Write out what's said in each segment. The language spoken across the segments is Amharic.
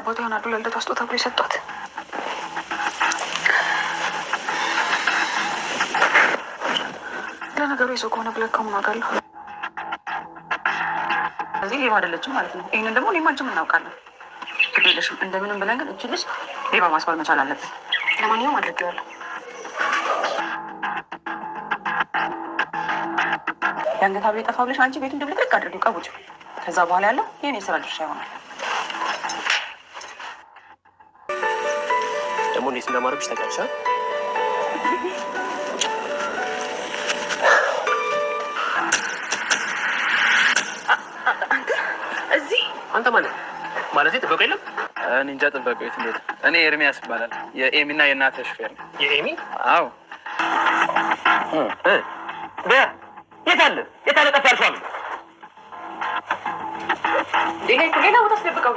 አባቷ ይሆናሉ ለልደቷ ስጦታ ብሎ የሰጧት። ለነገሩ የሰው ከሆነ ብለህ ከሙን አውቃለሁ። ስለዚህ ሌባ አይደለችም ማለት ነው። ይህንን ደግሞ እኔም አንቺም እናውቃለን። ግድ የለሽም። እንደምንም ብለን ግን እቺ ልጅ ሌባ ማስባል መቻል አለብን። ለማንኛውም አድርጌዋለሁ። የአንገት ሀብል ጠፋ ብለሽ አንቺ ቤቱን ድብልቅልቅ አድርጊው፣ ቀቡጭ። ከዛ በኋላ ያለው ይህን የስራ ድርሻ ይሆናል። አሁን የት እንዳማረብሽ ታውቂያለሽ? እዚህ አንተ ማለት ማለት ጥበቃ የለም። እኔ እንጃ ጥበቃ የት እንደሆነ። እኔ ኤርሚያስ ይባላል። የኤሚና የእናትህ ሹፌር ነው። የኤሚ? አዎ። የት አለ የት አለ? ጠፋ ያልኳል። ይሄ ሌላ ቦታ ስለበቃው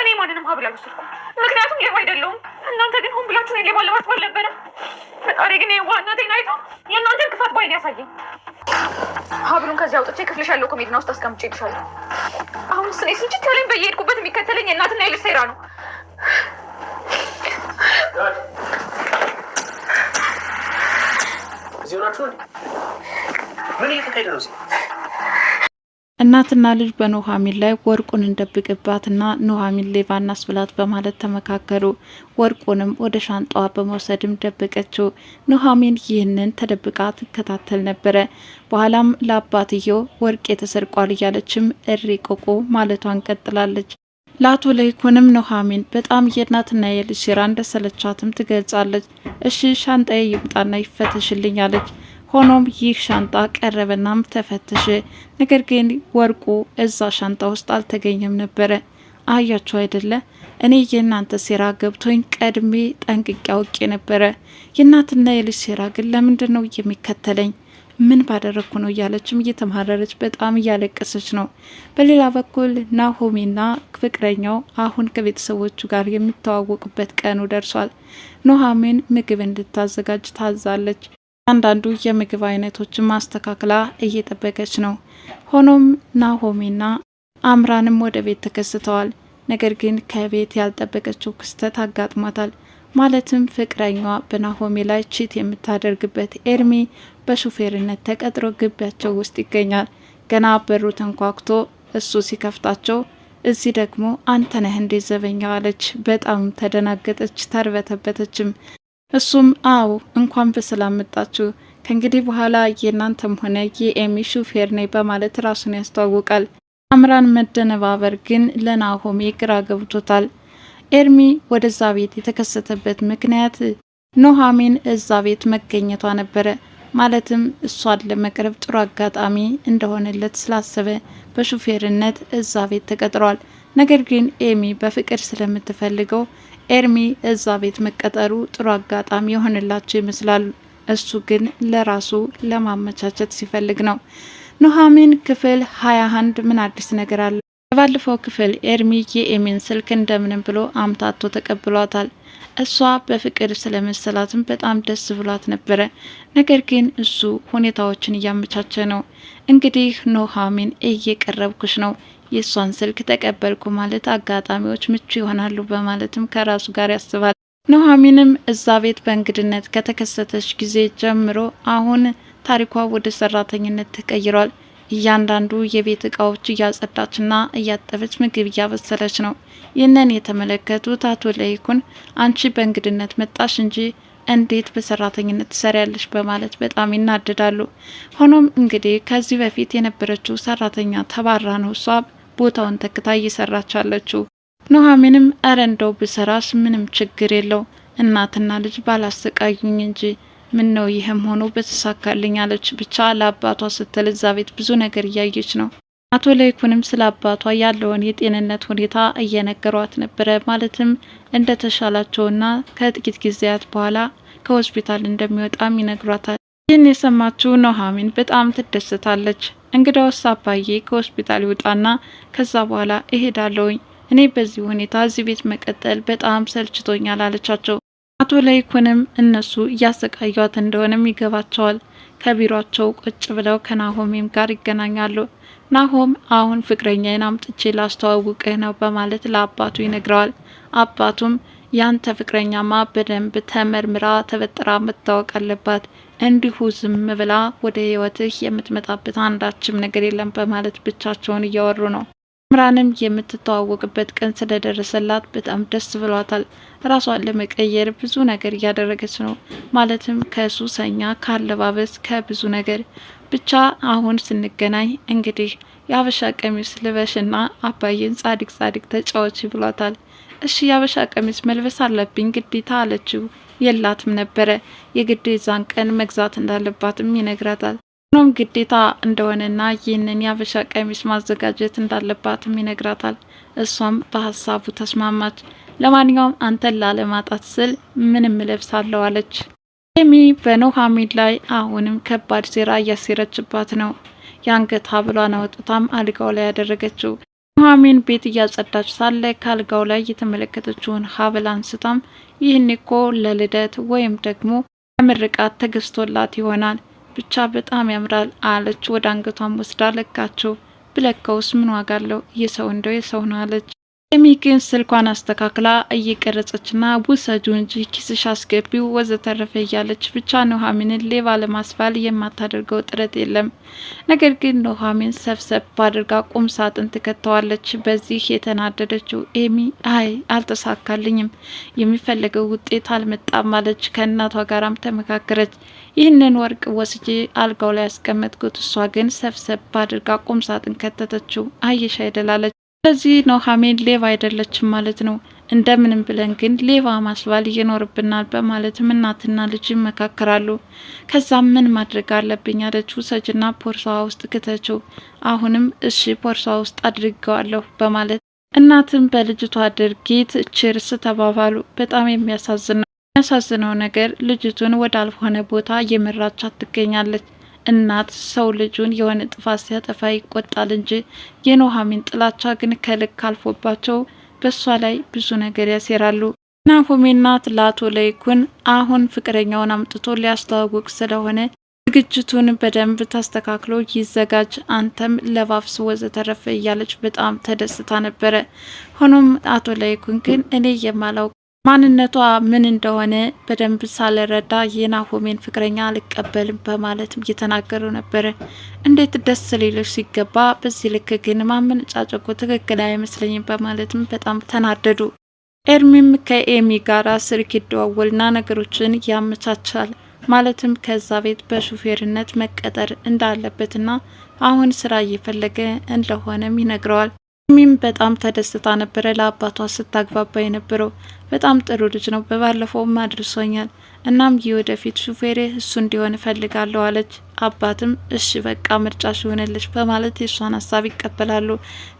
እኔ ማንንም ሀብል አልወሰድኩም ምክንያቱም ሌባ አይደለሁም። እናንተ ግን ሆን ብላችሁ ነው ሌባ ለማስባል ነበረ። ፈጣሪ ግን ዋናቴን አይቶ የእናንተ ክፋት ባይን ያሳየኝ። ሀብሉን ከዚህ አውጥቼ ክፍልሽ ያለው ኮሜድና ውስጥ አስቀምጬ ይልሻለሁ። አሁን ስኔ ስንጭት ያለኝ በየሄድኩበት የሚከተለኝ የእናትና የልጅ ሴራ ነው። ምን እየተካሄደ ነው? እናትና ልጅ በኑሐሚን ላይ ወርቁን እንደብቅባትና ኑሐሚን ሌባ እናስብላት በማለት ተመካከሉ። ወርቁንም ወደ ሻንጣዋ በመውሰድም ደበቀችው። ኑሐሚን ይህንን ተደብቃ ትከታተል ነበረ። በኋላም ለአባትየው ወርቄ ተሰርቋል እያለችም እሪ ቆቆ ማለቷን ቀጥላለች። ለአቶ ለይኩንም ኑሐሚን በጣም የእናትና የልጅ ሴራ እንደሰለቻትም ትገልጻለች። እሺ ሻንጣዬ ይምጣና ይፈተሽልኝ አለች። ሆኖም ይህ ሻንጣ ቀረበናም ተፈተሸ። ነገር ግን ወርቁ እዛ ሻንጣ ውስጥ አልተገኘም ነበረ። አያችሁ አይደለ? እኔ የእናንተ ሴራ ገብቶኝ ቀድሜ ጠንቅቄ አውቄ ነበረ። የእናትና የልጅ ሴራ ግን ለምንድን ነው የሚከተለኝ? ምን ባደረግኩ ነው እያለችም እየተማረረች በጣም እያለቀሰች ነው። በሌላ በኩል ናሆሚና ፍቅረኛው አሁን ከቤተሰቦቹ ጋር የሚተዋወቁበት ቀኑ ደርሷል። ኑሐሚን ምግብ እንድታዘጋጅ ታዛለች። አንዳንዱ የምግብ አይነቶችን ማስተካከላ እየጠበቀች ነው። ሆኖም ናሆሜና አምራንም ወደ ቤት ተከስተዋል። ነገር ግን ከቤት ያልጠበቀችው ክስተት አጋጥሟታል። ማለትም ፍቅረኛዋ በናሆሜ ላይ ቺት የምታደርግበት ኤርሚ በሹፌርነት ተቀጥሮ ግቢያቸው ውስጥ ይገኛል። ገና በሩ ተንኳኩቶ እሱ ሲከፍታቸው እዚህ ደግሞ አንተነህ እንዴት ዘበኛ አለች። በጣም ተደናገጠች፣ ተርበተበተችም። እሱም አዎ እንኳን በሰላም መጣችሁ ከእንግዲህ በኋላ የእናንተም ሆነ የኤሚ ሹፌር ነኝ በማለት ራሱን ያስተዋውቃል። አምራን መደነባበር ግን ለናሆሜ ግራ ገብቶታል። ኤርሚ ወደዛ ቤት የተከሰተበት ምክንያት ኑሐሚን እዛ ቤት መገኘቷ ነበረ። ማለትም እሷን ለመቅረብ ጥሩ አጋጣሚ እንደሆነለት ስላሰበ በሹፌርነት እዛ ቤት ተቀጥሯል። ነገር ግን ኤሚ በፍቅር ስለምትፈልገው ኤርሚ እዛ ቤት መቀጠሩ ጥሩ አጋጣሚ የሆንላቸው ይመስላል። እሱ ግን ለራሱ ለማመቻቸት ሲፈልግ ነው። ኑሐሚን ክፍል ሀያ አንድ ምን አዲስ ነገር አለ? የባለፈው ክፍል ኤርሚ የኤሚን ስልክ እንደምንም ብሎ አምታቶ ተቀብሏታል። እሷ በፍቅር ስለመሰላትም በጣም ደስ ብሏት ነበረ። ነገር ግን እሱ ሁኔታዎችን እያመቻቸ ነው። እንግዲህ ኑሐሚን እየቀረብኩሽ ነው የእሷን ስልክ ተቀበልኩ ማለት አጋጣሚዎች ምቹ ይሆናሉ በማለትም ከራሱ ጋር ያስባል። ኑሐሚንም እዛ ቤት በእንግድነት ከተከሰተች ጊዜ ጀምሮ አሁን ታሪኳ ወደ ሰራተኝነት ተቀይሯል። እያንዳንዱ የቤት እቃዎች እያጸዳችና እያጠበች ምግብ እያበሰለች ነው። ይህንን የተመለከቱት አቶ ለይኩን አንቺ በእንግድነት መጣሽ እንጂ እንዴት በሰራተኝነት ትሰሪያለሽ? በማለት በጣም ይናደዳሉ። ሆኖም እንግዲህ ከዚህ በፊት የነበረችው ሰራተኛ ተባራ ነው እሷ ቦታውን ተክታ እየሰራች አለችው። ኑሐሚንም እረ እንደው ብሰራስ ምንም ችግር የለው እናትና ልጅ ባላሰቃዩኝ እንጂ ምን ነው ይህም ሆኖ በተሳካልኝ አለች። ብቻ ለአባቷ ስትል እዛ ቤት ብዙ ነገር እያየች ነው። አቶ ለይኩንም ስለ አባቷ ያለውን የጤንነት ሁኔታ እየነገሯት ነበረ። ማለትም ተሻላቸውና ከጥቂት ጊዜያት በኋላ ከሆስፒታል እንደሚወጣም ይነግሯታል። ይህን የሰማችው ኑሐሚን በጣም ትደሰታለች። እንግዳውስ አባዬ ከሆስፒታል ይውጣና ከዛ በኋላ እሄዳለሁኝ። እኔ በዚህ ሁኔታ እዚህ ቤት መቀጠል በጣም ሰልችቶኛል አለቻቸው። አቶ ለይኩንም እነሱ እያሰቃያት እንደሆነም ይገባቸዋል። ከቢሯቸው ቁጭ ብለው ከናሆሜም ጋር ይገናኛሉ። ናሆም አሁን ፍቅረኛዬን አምጥቼ ላስተዋውቅህ ነው በማለት ለአባቱ ይነግረዋል። አባቱም ያንተ ፍቅረኛማ በደንብ ተመርምራ ተበጥራ መታወቅ አለባት እንዲሁ ዝም ብላ ወደ ህይወትህ የምትመጣበት አንዳችም ነገር የለም በማለት ብቻቸውን እያወሩ ነው። ምራንም የምትተዋወቅበት ቀን ስለደረሰላት በጣም ደስ ብሏታል። ራሷን ለመቀየር ብዙ ነገር እያደረገች ነው። ማለትም ከሱሰኛ ካለባበስ፣ ከብዙ ነገር ብቻ አሁን ስንገናኝ እንግዲህ የአበሻ ቀሚስ ልበሽና አባዬን ጻድቅ ጻድቅ ተጫዋች ብሏታል። እሺ ያበሻ ቀሚስ መልበስ አለብኝ ግዴታ አለችው። የላትም ነበረ የግዴ ቀን መግዛት እንዳለባትም ይነግራታል። ሆኖም ግዴታ እንደሆነና ይህንን ያበሻ ቀሚስ ማዘጋጀት እንዳለባትም ይነግራታል። እሷም በሀሳቡ ተስማማች። ለማንኛውም አንተን ላለማጣት ስል ምንም እለብሳለሁ አለች። ሚ በኑሐሚን ላይ አሁንም ከባድ ሴራ እያሴረችባት ነው። የአንገት ሐብሏን አውጥታም አልጋው ላይ ያደረገችው ኑሐሚን ቤት እያጸዳች ሳለ ካልጋው ላይ የተመለከተችውን ሀብል አንስታም ይህን እኮ ለልደት ወይም ደግሞ ለምርቃት ተገዝቶላት ይሆናል ብቻ በጣም ያምራል አለች። ወደ አንገቷም ወስዳ ለካችው። ብለካውስ ምን ዋጋ አለው? የሰው እንደው የሰው ነው አለች። ኤሚ ግን ስልኳን አስተካክላ እየቀረጸችና ውሰጁ እንጂ ኪስሽ አስገቢው ወዘተረፈ እያለች ብቻ ኑሐሚንን ሌባ ለማስባል የማታደርገው ጥረት የለም። ነገር ግን ኑሐሚን ሰብሰብ ባድርጋ ቁም ሳጥን ትከተዋለች። በዚህ የተናደደችው ኤሚ አይ አልተሳካልኝም፣ የሚፈለገው ውጤት አልመጣም ማለች። ከእናቷ ጋራም ተመካከረች። ይህንን ወርቅ ወስጄ አልጋው ላይ ያስቀመጥኩት፣ እሷ ግን ሰብሰብ ባድርጋ ቁም ሳጥን ከተተችው። አየሻ ይደላለች። ስለዚህ ኑሐሚን ሌባ አይደለችም ማለት ነው። እንደምንም ብለን ግን ሌባ ማስባል ይኖርብናል በማለትም እናትና ልጅ ይመካከራሉ። ከዛ ምን ማድረግ አለብኝ አለች። ውሰጅና ፖርሳዋ ውስጥ ክተችው። አሁንም እሺ ቦርሳዋ ውስጥ አድርገዋለሁ በማለት እናትም በልጅቷ ድርጊት ችርስ ተባባሉ። በጣም የሚያሳዝነው የሚያሳዝነው ነገር ልጅቱን ወዳልሆነ ቦታ እየመራቻት ትገኛለች። እናት ሰው ልጁን የሆነ ጥፋት ሲያጠፋ ይቆጣል እንጂ የኑሐሚን ጥላቻ ግን ከልክ አልፎባቸው በእሷ ላይ ብዙ ነገር ያሴራሉ። ናሆሜ እናት ለአቶ ለይኩን አሁን ፍቅረኛውን አምጥቶ ሊያስተዋውቅ ስለሆነ ዝግጅቱን በደንብ ተስተካክሎ ይዘጋጅ፣ አንተም ለባብስ ወዘተረፈ እያለች በጣም ተደስታ ነበረ። ሆኖም አቶ ለይኩን ግን እኔ የማላውቅ ማንነቷ ምን እንደሆነ በደንብ ሳልረዳ የናሆሜን ፍቅረኛ አልቀበልም በማለትም እየተናገሩ ነበረ። እንዴት ደስ ሌሎች ሲገባ በዚህ ልክ ግን ጫጨቁ ትክክል አይመስለኝም በማለትም በጣም ተናደዱ። ኤርሚም ከኤሚ ጋር ስልክ ይደዋወልና ነገሮችን ያመቻቻል። ማለትም ከዛ ቤት በሹፌርነት መቀጠር እንዳለበትና አሁን ስራ እየፈለገ እንደሆነም ይነግረዋል። ሚም በጣም ተደስታ ነበረ ለአባቷ ስታግባባ የነበረው። በጣም ጥሩ ልጅ ነው፣ በባለፈውም አድርሶኛል። እናም ይህ ወደፊት ሹፌሬ እሱ እንዲሆን እፈልጋለሁ አለች። አባትም እሺ በቃ ምርጫ ይሆንልሽ በማለት የእሷን ሀሳብ ይቀበላሉ።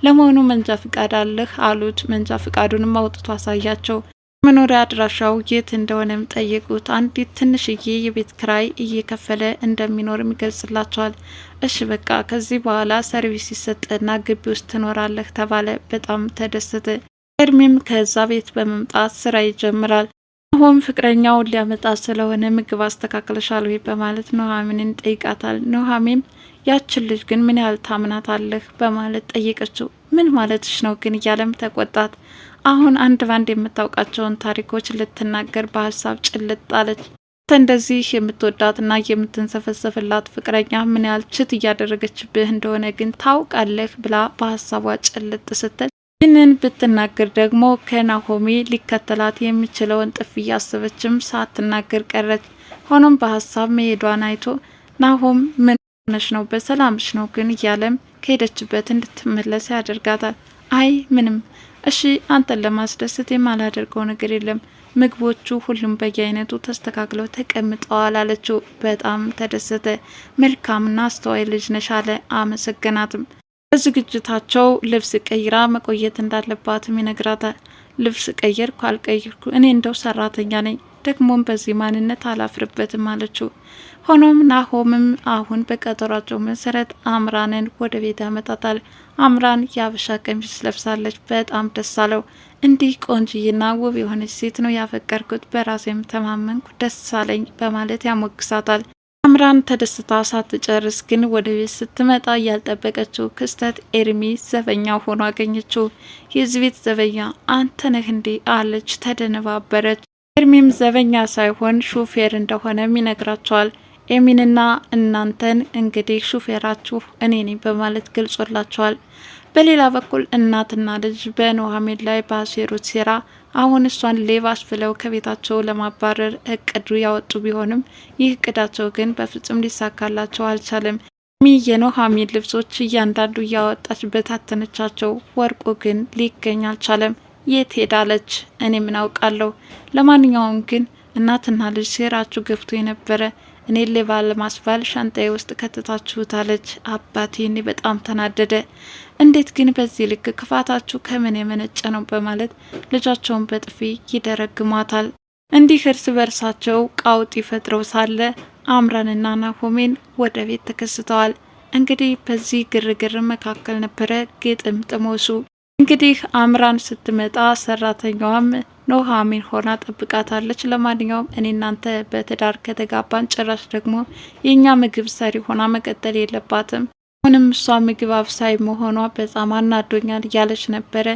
ለመሆኑ መንጃ ፍቃድ አለህ አሉት። መንጃ ፍቃዱንም አውጥቶ አሳያቸው። መኖሪያ አድራሻው የት እንደሆነም ጠየቁት። አንዲት ትንሽዬ የቤት ክራይ እየከፈለ እንደሚኖርም ይገልጽላቸዋል። እሺ በቃ ከዚህ በኋላ ሰርቪስ ይሰጥና ግቢ ውስጥ ትኖራለህ ተባለ። በጣም ተደሰተ። እድሜም ከዛ ቤት በመምጣት ስራ ይጀምራል። ሆም ፍቅረኛውን ሊያመጣ ስለሆነ ምግብ አስተካክለሻል ወይ በማለት ኑሐሚንን ጠይቃታል። ኑሐሚን ያችን ልጅ ግን ምን ያህል ታምናታለህ በማለት ጠየቀችው። ምን ማለትሽ ነው ግን እያለም ተቆጣት። አሁን አንድ ባንድ የምታውቃቸውን ታሪኮች ልትናገር በሀሳብ ጭልጥ አለች። እንደዚህ የምትወዳትና የምትንሰፈሰፍላት ፍቅረኛ ምን ያህል ችት እያደረገችብህ እንደሆነ ግን ታውቃለህ ብላ በሀሳቧ ጭልጥ ስትል ይህንን ብትናገር ደግሞ ከናሆሜ ሊከተላት የሚችለውን ጥፍ እያሰበችም ሳትናገር ቀረች። ሆኖም በሀሳብ መሄዷን አይቶ ናሆም ምን ነሽ ነው በሰላምሽ ነው ግን እያለም ከሄደችበት እንድትመለስ ያደርጋታል። አይ ምንም እሺ አንተን ለማስደሰት የማላደርገው ነገር የለም። ምግቦቹ ሁሉም በየአይነቱ ተስተካክለው ተቀምጠዋል አለችው። በጣም ተደሰተ። መልካምና አስተዋይ ልጅ ነሽ አለ። አመሰገናትም። በዝግጅታቸው ልብስ ቀይራ መቆየት እንዳለባትም ይነግራታል። ልብስ ቀየርኩ አልቀየርኩ እኔ እንደው ሰራተኛ ነኝ ደግሞም በዚህ ማንነት አላፍርበትም አለችው። ሆኖም ናሆምም አሁን በቀጠሯቸው መሰረት አምራንን ወደ ቤት ያመጣታል። አምራን የአበሻ ቀሚስ ለብሳለች። በጣም ደስ አለው። እንዲህ ቆንጅዬና ውብ የሆነች ሴት ነው ያፈቀርኩት፣ በራሴም ተማመንኩ፣ ደስ አለኝ በማለት ያሞግሳታል። አምራን ተደስታ ሳትጨርስ ግን ወደ ቤት ስትመጣ ያልጠበቀችው ክስተት ኤርሚ ዘበኛ ሆኖ አገኘችው። የዚህ ቤት ዘበኛ አንተ ነህ እንዴ? አለች። ተደነባበረች። እድሜም ዘበኛ ሳይሆን ሹፌር እንደሆነም ይነግራቸዋል። ኤሚንና እናንተን እንግዲህ ሹፌራችሁ እኔ ነኝ በማለት ገልጾላቸዋል። በሌላ በኩል እናትና ልጅ በኑሐሚን ላይ ባሴሩት ሴራ አሁን እሷን ሌባስ ብለው ከቤታቸው ለማባረር እቅዱ ያወጡ ቢሆንም ይህ እቅዳቸው ግን በፍጹም ሊሳካላቸው አልቻለም። ሚ የኑሐሚን ልብሶች እያንዳንዱ እያወጣች በታተነቻቸው፣ ወርቁ ግን ሊገኝ አልቻለም። የት ሄዳለች? እኔ ምን አውቃለሁ። ለማንኛውም ግን እናትና ልጅ ሴራችሁ ገብቶ የነበረ እኔ ሌባ ለማስባል ሻንጣዬ ውስጥ ከትታችሁታለች አባቴ እኔ በጣም ተናደደ። እንዴት ግን በዚህ ልክ ክፋታችሁ ከምን የመነጨ ነው? በማለት ልጃቸውን በጥፊ ይደረግሟታል። እንዲህ እርስ በርሳቸው ቃውጢ ይፈጥረው ሳለ አምራንና ናሆሜን ወደ ቤት ተከስተዋል። እንግዲህ በዚህ ግርግር መካከል ነበረ ግጥም ጥሞሱ እንግዲህ አምራን ስትመጣ ሰራተኛዋም ኑሃሚን ሆና ጠብቃታለች። ለማንኛውም እኔ እናንተ በትዳር ከተጋባን ጭራሽ ደግሞ የእኛ ምግብ ሰሪ ሆና መቀጠል የለባትም አሁንም እሷ ምግብ አብሳይ መሆኗ በጣም አናዶኛል እያለች ነበረ።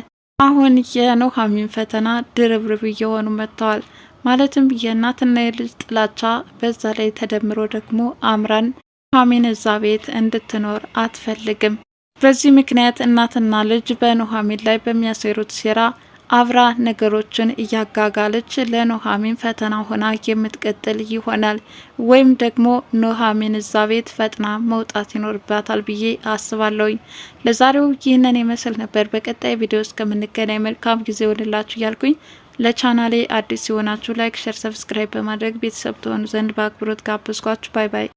አሁን የኑሃሚን ፈተና ድርብርብ እየሆኑ መጥተዋል። ማለትም የእናትና የልጅ ጥላቻ፣ በዛ ላይ ተደምሮ ደግሞ አምራን ኑሃሚን እዛ ቤት እንድትኖር አትፈልግም። በዚህ ምክንያት እናትና ልጅ በኑሐሚን ላይ በሚያሴሩት ሴራ አብራ ነገሮችን እያጋጋለች ለኑሐሚን ፈተና ሆና የምትቀጥል ይሆናል። ወይም ደግሞ ኑሐሚን እዛ ቤት ፈጥና መውጣት ይኖርባታል ብዬ አስባለሁኝ። ለዛሬው ይህንን ይመስል ነበር። በቀጣይ ቪዲዮ እስከምንገናኝ መልካም ጊዜ ሆንላችሁ እያልኩኝ ለቻናሌ አዲስ ሲሆናችሁ ላይክ፣ ሸር፣ ሰብስክራይብ በማድረግ ቤተሰብ ትሆኑ ዘንድ በአክብሮት ጋብዝኳችሁ። ባይ ባይ።